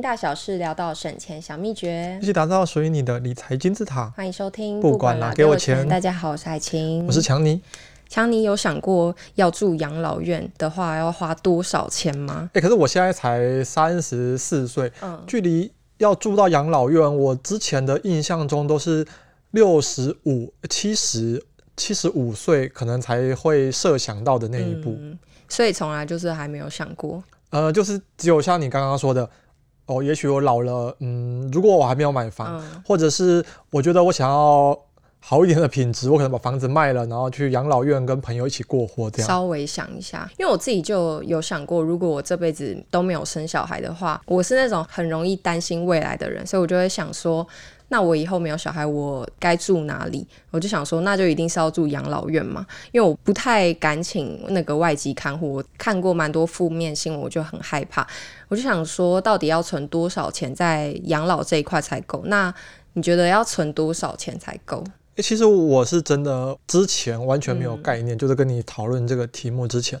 大小事聊到省錢小祕訣，一起打造屬於你的理財金字塔。歡迎收聽，不管啦，管給我錢。大家好，我是海晴，我是強尼。強尼有想過要住養老院的話要花多少錢嗎？哎、欸，可是我現在才三十四歲，嗯，距離要住到養老院，我之前的印象中都是六十五、七十、七十五歲可能才會設想到的那一步，嗯、所以從來就是還沒有想過。呃，就是只有像你剛剛說的。哦，也許我老了，嗯，如果我還沒有買房，嗯、或者是我覺得我想要。好一點的品質，我可能把房子賣了，然後去養老院跟朋友一起過活，這樣。稍微想一下，因為我自己就有想過，如果我這輩子都沒有生小孩的話，我是那種很容易擔心未來的人，所以我就會想說，那我以後沒有小孩，我該住哪裡？我就想說，那就一定是要住養老院嘛，因為我不太敢請那個外籍看護，我看過蠻多負面新聞，我就很害怕。我就想說，到底要存多少錢在養老這一塊才夠？那你覺得要存多少錢才夠？欸、其實我是真的之前完全沒有概念，嗯、就是跟你討論這個題目之前，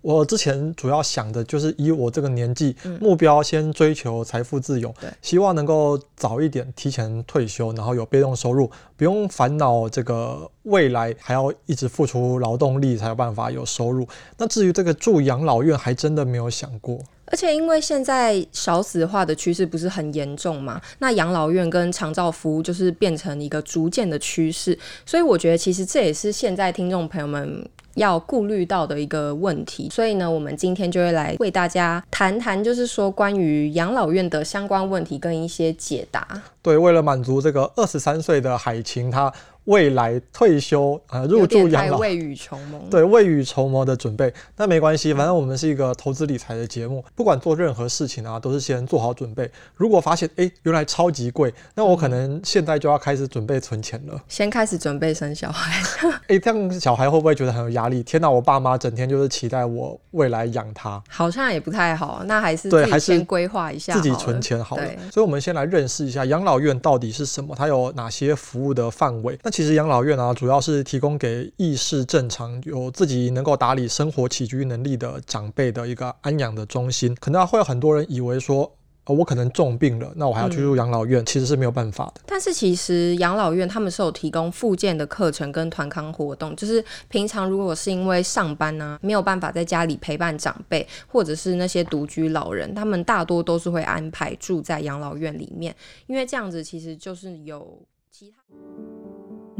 我之前主要想的就是以我這個年紀，嗯、目標先追求財富自由，對希望能夠早一點提前退休，然後有被動收入，不用煩惱這個未來還要一直付出勞動力才有辦法有收入。那至於這個住養老院，還真的沒有想過。而且因為現在少子化的趨勢不是很嚴重嘛，那養老院跟長照服務就是變成一個逐漸的趨勢，所以我覺得其實這也是現在聽眾朋友們要顧慮到的一個問題。所以呢，我們今天就會來為大家談談，就是說關於養老院的相關問題跟一些解答。對，為了滿足這個二十三歲的海晴，她。未來退休啊，入住養老，有未雨綢繆對，未雨綢繆的準備，那沒關係，反正我們是一個投資理財的節目，不管做任何事情啊，都是先做好準備。如果發現哎，原來超級貴，那我可能現在就要開始準備存錢了，嗯、先開始準備生小孩。哎， 這樣小孩會不會覺得很有壓力？天哪，我爸媽整天就是期待我未來養他，好像也不太好，那還是對，還是先規劃一下，自己存錢好了。對所以，我們先來認識一下養老院到底是什麼，它有哪些服務的範圍？其實養老院呢、啊，主要是提供給意識正常、有自己能夠打理生活起居能力的長輩的一個安養的中心。可能會有很多人以為說，呃、我可能重病了，那我還要去入養老院，嗯、其實是沒有辦法的。但是其實養老院他們是有提供復健的課程跟團康活動，就是平常如果是因為上班呢、啊，沒有辦法在家裡陪伴長輩，或者是那些獨居老人，他們大多都是會安排住在養老院裡面，因為這樣子其實就是有其他。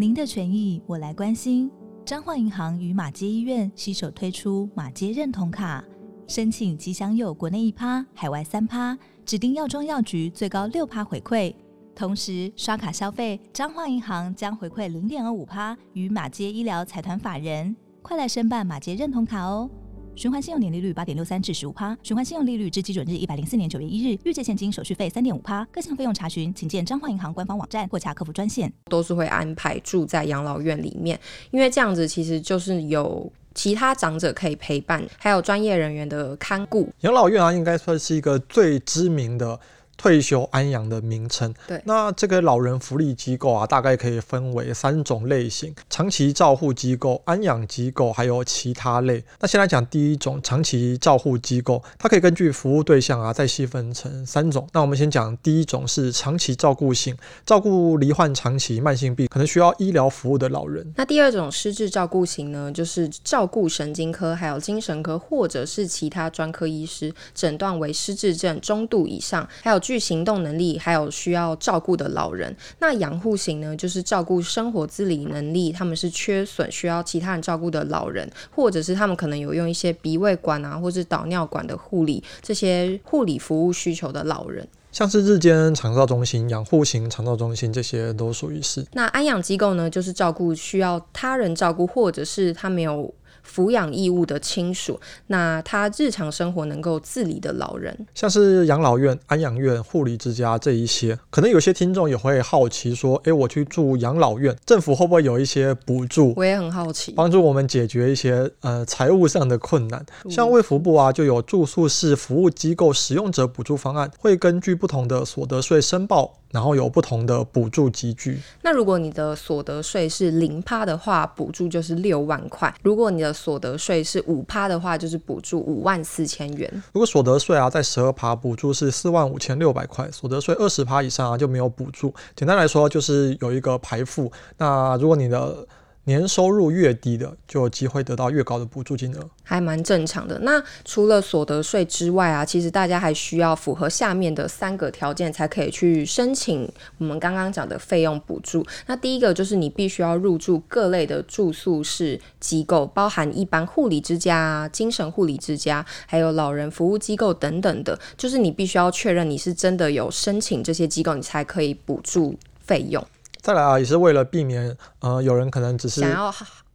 您的權益我來關心。彰化銀行與馬偕醫院攜手推出馬偕認同卡，申請即享有國內一趴、海外三趴，指定藥妝藥局最高六趴回饋。同時刷卡消費，彰化銀行將回饋零點二五趴與馬偕醫療財團法人。快來申辦馬偕認同卡哦！循環信用年利率八點六三至十五趴，循環信用利率至基準日一百零四年九月一日，預借現金手續費三點五趴，各項費用查詢請見彰化銀行官方網站或查客服專線。都是會安排住在養老院裡面，因為這樣子其實就是有其他長者可以陪伴，還有專業人員的看顧。養老院啊，應該算是一個最知名的退休安養的名稱。對，那這個老人福利機構啊，大概可以分為三種類型：長期照護機構、安養機構，還有其他類。那先來講第一種，長期照護機構，它可以根據服務對象啊，再細分成三種。那我們先講第一種是長期照顧型，照顧罹患長期慢性病，可能需要醫療服務的老人。那第二種失智照顧型呢，就是照顧神經科，還有精神科，或者是其他專科醫師診斷為失智症中度以上，還有，具行動能力還有需要照顧的老人，那養護型呢，就是照顧生活自理能力，他們是缺損需要其他人照顧的老人，或者是他們可能有用一些鼻胃管啊，或者導尿管的護理，這些護理服務需求的老人，像是日間長照中心、養護型長照中心這些都屬於是。那安養機構呢，就是照顧需要他人照顧，或者是他沒有。扶養義務的親屬，那他日常生活能夠自理的老人，像是養老院、安養院、護理之家這一些，可能有些聽眾也會好奇說：“哎、欸，我去住養老院，政府會不會有一些補助？”我也很好奇，幫助我們解決一些呃財務上的困難。像衛福部啊，就有住宿式服務機構使用者補助方案，會根據不同的所得稅申報。然後有不同的補助級距。那如果你的所得稅是零趴的話，補助就是六萬塊；如果你的所得稅是五趴的話，就是補助五萬四千元。如果所得稅啊在十二趴，補助是四萬五千六百塊；所得稅二十趴以上啊就沒有補助。簡單來說就是有一個排富。那如果你的年收入越低的，就有機會得到越高的補助金額，還蠻正常的。那除了所得稅之外啊，其實大家還需要符合下面的三個條件，才可以去申請我們剛剛講的費用補助。那第一個就是你必須要入住各類的住宿式機構，包含一般護理之家、精神護理之家，還有老人服務機構等等的，就是你必須要確認你是真的有申請這些機構，你才可以補助費用。再來啊，也是為了避免，呃，有人可能只是想要。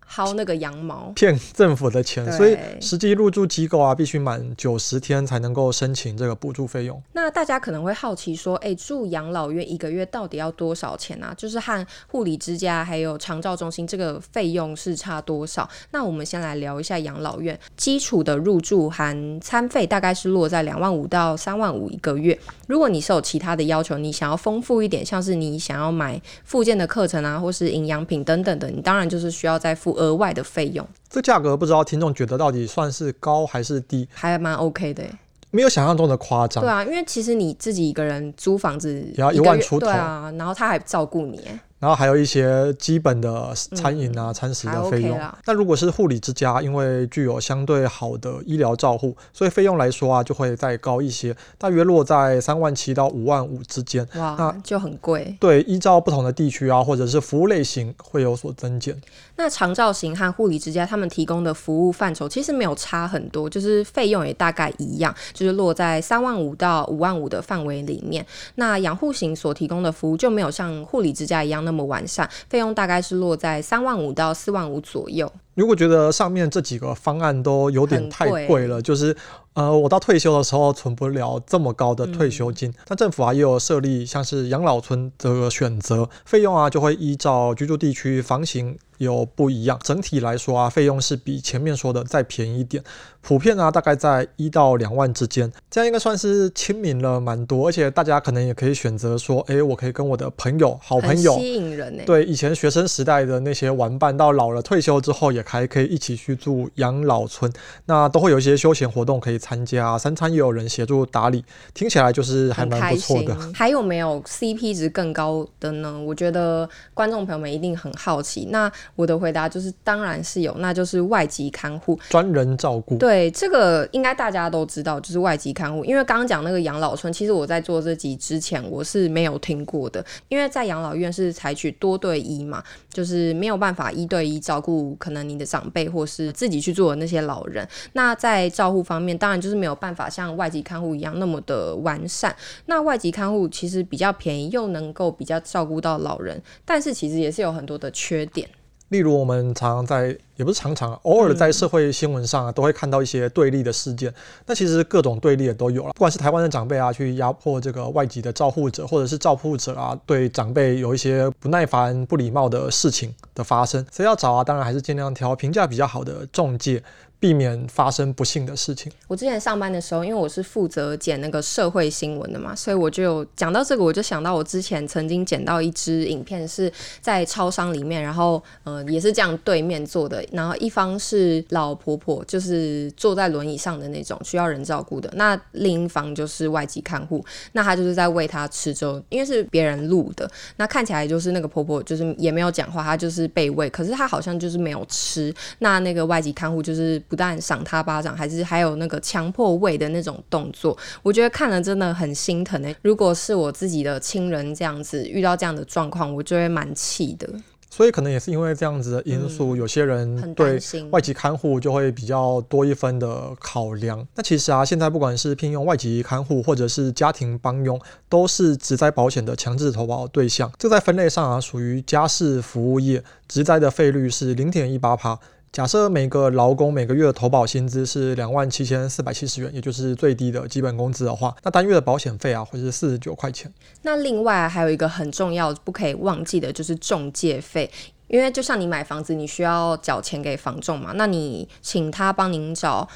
薅那個羊毛，騙政府的錢，對所以實際入住機構啊，必須滿九十天才能夠申請這個補助費用。那大家可能會好奇說，誒、欸，住養老院一個月到底要多少錢啊？就是和護理之家還有長照中心這個費用是差多少？那我們先來聊一下養老院基礎的入住含餐費，大概是落在兩萬五到三萬五一個月。如果你是有其他的要求，你想要豐富一點，像是你想要買復健的課程啊，或是營養品等等的，你當然就是需要再付。額外的費用，這價格不知道聽眾覺得到底算是高還是低？還蠻 OK 的，沒有想象中的誇張。對啊，因為其實你自己一個人租房子一個月也要一萬出頭，對啊，然後他還照顧你。然後還有一些基本的餐飲啊、嗯、餐食的費用。OK、那如果是護理之家，因為具有相對好的醫療照護，所以費用來說啊，就會再高一些，大約落在三萬七到五萬五之間。哇，那，就很貴。對，依照不同的地區啊，或者是服務類型，會有所增減。那長照型和護理之家他們提供的服務範疇其實沒有差很多，就是費用也大概一樣，就是落在三萬五到五萬五的範圍裡面。那養護型所提供的服務就沒有像護理之家一樣那麼完善，費用大概是落在三萬五到四萬五左右。如果覺得上面這幾個方案都有點太貴了，貴就是呃，我到退休的時候存不了這麼高的退休金。但、嗯、政府啊也有設立像是養老村這個選擇，嗯、費用啊就會依照居住地區、房型。有不一樣，整體來說啊，費用是比前面說的再便宜一點，普遍呢、啊、大概在一到兩萬之間，這樣應該算是親民了蠻多，而且大家可能也可以選擇說，哎、欸，我可以跟我的朋友、好朋友很吸引人、欸。對，以前學生時代的那些玩伴，到老了退休之後也還可以一起去住養老村，那都會有一些休閒活動可以參加，三餐也有人協助打理，聽起來就是還蠻不錯的。還有沒有 CP 值更高的呢？我覺得觀眾朋友們一定很好奇，那。我的回答就是，當然是有，那就是外籍看護，專人照顧。對，這個應該大家都知道，就是外籍看護。因為剛剛講那個養老村，其實我在做這集之前我是沒有聽過的，因為在養老院是採取多對一嘛，就是沒有辦法一對一照顧，可能你的長輩或是自己去住的那些老人。那在照護方面，當然就是沒有辦法像外籍看護一樣那麼的完善。那外籍看護其實比較便宜，又能夠比較照顧到老人，但是其實也是有很多的缺點。例如，我們常常在也不是常常，偶爾在社會新聞上啊，都會看到一些對立的事件。那其實各種對立的都有了，不管是台灣的長輩啊去壓迫這個外籍的照護者，或者是照護者啊對長輩有一些不耐煩、不禮貌的事情的發生。所以要找啊，當然還是盡量挑評價比較好的仲介。避免發生不幸的事情。我之前上班的時候，因為我是負責剪那個社會新聞的嘛，所以我就講到這個，我就想到我之前曾經剪到一支影片，是在超商裡面，然後嗯、呃、也是這樣對面坐的，然後一方是老婆婆，就是坐在輪椅上的那種需要人照顧的，那另一方就是外籍看護，那她就是在餵她吃粥，因為是別人錄的，那看起來就是那個婆婆就是也沒有講話，她就是被餵，可是她好像就是沒有吃，那那個外籍看護就是。不但賞他巴掌，還是還有那個強迫餵的那種動作，我覺得看了真的很心疼，欸、如果是我自己的親人這樣子遇到這樣的狀況，我就會蠻氣的。所以可能也是因為這樣子的因素，嗯、有些人對外籍看護就會比較多一分的考量。那其實啊，現在不管是聘用外籍看護，或者是家庭幫傭，都是職災保險的強制投保對象。這在分類上啊，屬於家事服務業，職災的費率是零點一八趴。假設每個勞工每個月投保薪資是兩萬七千四百七十元，也就是最低的基本工資的話，那單月的保險費啊，會是四十九塊錢。那另外還有一個很重要、不可以忘記的就是仲介費，因為就像你買房子，你需要繳錢給房仲嘛，那你請他幫您找。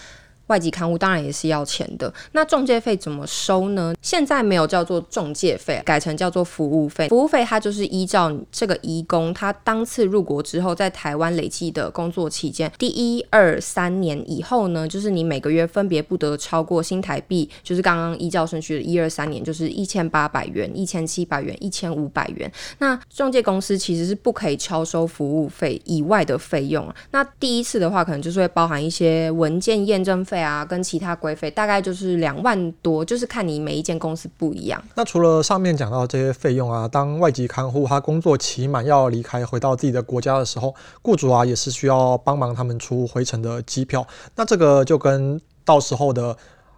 外籍看護當然也是要錢的，那中介費怎麼收呢？現在沒有叫做中介費，改成叫做服務費。服務費它就是依照這個移工他當次入國之後，在台灣累計的工作期間，第一、二、三年以後呢，就是你每個月分別不得超過新台幣，就是剛剛依照順序的一二三年，就是一千八百元、一千七百元、一千五百元。那中介公司其實是不可以超收服務費以外的費用啊。那第一次的話，可能就是會包含一些文件驗證費。費啊，跟其他規費大概就是兩萬多，就是看你每一間公司不一樣。那除了上面講到這些費用啊，當外籍看護他工作期滿要離開回到自己的國家的時候，雇主啊也是需要幫忙他們出回程的機票。那這個就跟到時候的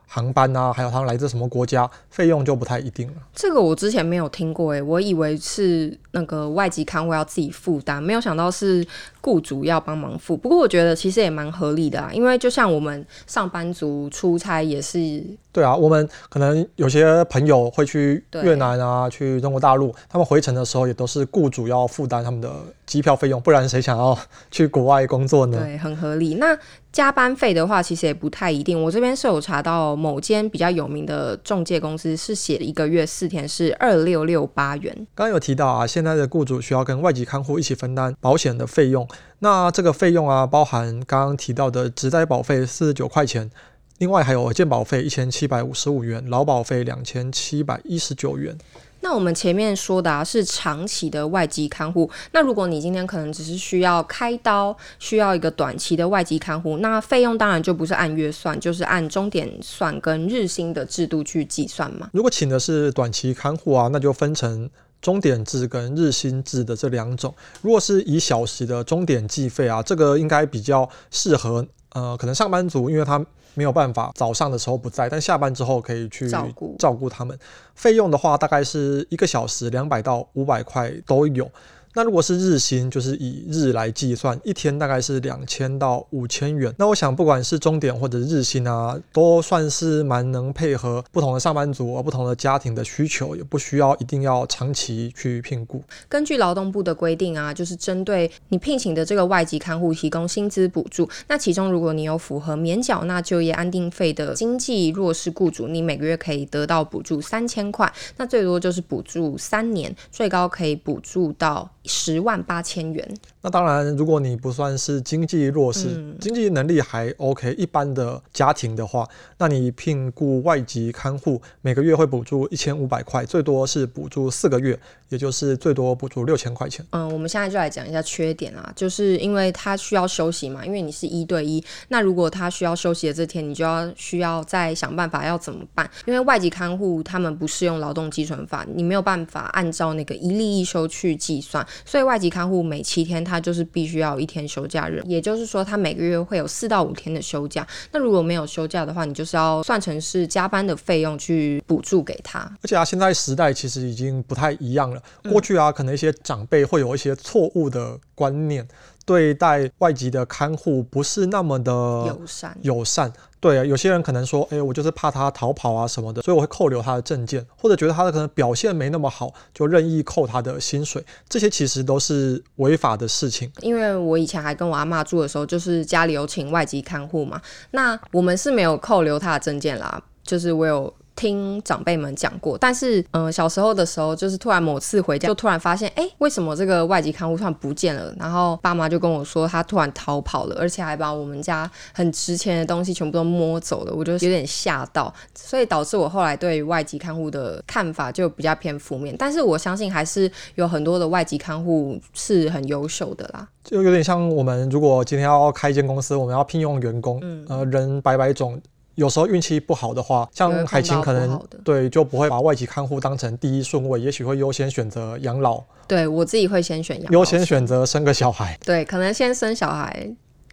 航班啊，還有他來自什麼國家，費用就不太一定了。這個我之前沒有聽過，欸，誒，我以為是那個外籍看護要自己負擔，沒有想到是。僱主要幫忙付，不過我覺得其實也蠻合理的啊，因為就像我們上班族出差也是，對啊，我們可能有些朋友會去越南啊，對去中國大陸，他們回程的時候也都是僱主要負擔他們的機票費用，不然誰想要去國外工作呢？對，很合理。那加班費的話，其實也不太一定。我這邊是有查到某間比較有名的中介公司是寫一個月四天是二六六八元。剛有提到啊，現在的僱主需要跟外籍看護一起分擔保險的費用。那這個費用啊，包含剛剛提到的職災保費四十九塊錢，另外還有健保費一千七百五十五元，勞保費兩千七百一十九元。那我們前面說的啊，是長期的外籍看護。那如果你今天可能只是需要開刀，需要一個短期的外籍看護，那費用當然就不是按月算，就是按鐘點算跟日薪的制度去計算嘛。如果請的是短期看護啊，那就分成。鐘點制跟日薪制的這兩種，如果是以小時的鐘點計費啊，這個應該比較適合呃，可能上班族，因為他沒有辦法早上的時候不在，但下班之後可以去照顧照顧他們。費用的話，大概是一個小時兩百到五百塊都有。那如果是日薪，就是以日來計算，一天大概是兩千到五千元。那我想，不管是鐘點或者日薪啊，都算是蠻能配合不同的上班族和不同的家庭的需求，也不需要一定要長期去聘僱。根據勞動部的規定啊，就是針對你聘請的這個外籍看護提供薪資補助。那其中，如果你有符合免繳繳納就業安定費的經濟弱勢僱主，你每個月可以得到補助三千塊，那最多就是補助三年，最高可以補助到十萬八千元。那當然，如果你不算是經濟弱勢，嗯、經濟能力還 OK，一般的家庭的話，那你聘僱外籍看護，每個月會補助一千五百塊，最多是補助四個月，也就是最多補助六千塊錢。嗯，我們現在就來講一下缺點啊，就是因為他需要休息嘛，因為你是一對一，那如果他需要休息的這天，你就要需要再想辦法要怎麼辦，因為外籍看護他們不適用勞動基準法，你沒有辦法按照那個一例一休去計算。所以外籍看護每七天他就是必須要一天休假日，也就是說他每個月會有四到五天的休假。那如果沒有休假的話，你就是要算成是加班的費用去補助給他。而且啊，現在時代其實已經不太一樣了。過去啊，可能一些長輩會有一些錯誤的觀念，對待外籍的看護不是那麼的友善友善。對啊，有些人可能說，哎，我就是怕他逃跑啊什麼的，所以我會扣留他的證件，或者覺得他的可能表現沒那麼好，就任意扣他的薪水，這些其實都是違法的事情。因為我以前還跟我阿嬤住的時候，就是家裡有請外籍看護嘛，那我們是沒有扣留他的證件啦，就是我有。聽長輩們講過，但是嗯、呃，小時候的時候，就是突然某次回家，就突然發現，哎、欸，為什麼這個外籍看護突然不見了？然後爸媽就跟我說，他突然逃跑了，而且還把我們家很值錢的東西全部都摸走了，我就有點嚇到，所以導致我後來對外籍看護的看法就比較偏負面。但是我相信還是有很多的外籍看護是很優秀的啦，就有點像我們如果今天要開一間公司，我們要聘用員工，嗯、呃，人百百種。有時候運氣不好的話，像海晴可能對，就不會把外籍看護當成第一順位，也許會優先選擇養老。對，我自己會先選養老，優先選擇生個小孩。對，可能先生小孩，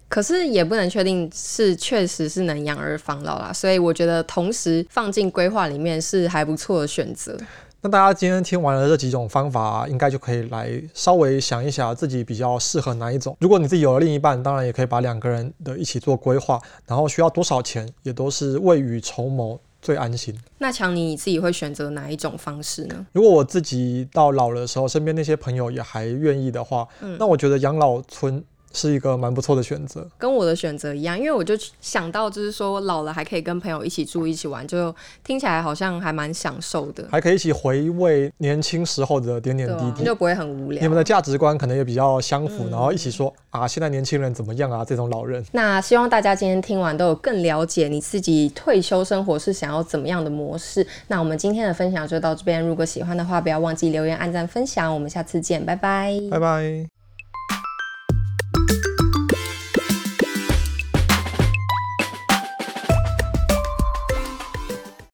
可是也不能確定是確實是能養兒防老啦，所以我覺得同時放進規劃裡面是還不錯的選擇。那大家今天聽完了這幾種方法，啊，應該就可以來稍微想一想自己比較適合哪一種。如果你自己有了另一半，當然也可以把兩個人的一起做規劃，然後需要多少錢，也都是未雨綢繆最安心。那強尼，你自己會選擇哪一種方式呢？如果我自己到老的時候，身邊那些朋友也還願意的話，嗯、那我覺得養老村。是一個蠻不錯的選擇，跟我的選擇一樣，因為我就想到，就是說我老了還可以跟朋友一起住，一起玩，就聽起來好像還蠻享受的，還可以一起回味年輕時候的點點滴滴，就不會很無聊。你們的價值觀可能也比較相符，嗯，然後一起說啊，現在年輕人怎麼樣啊？這種老人，那希望大家今天聽完都有更了解你自己退休生活是想要怎麼樣的模式。那我們今天的分享就到這邊，如果喜歡的話，不要忘記留言、按讚、分享。我們下次見，拜拜，拜拜。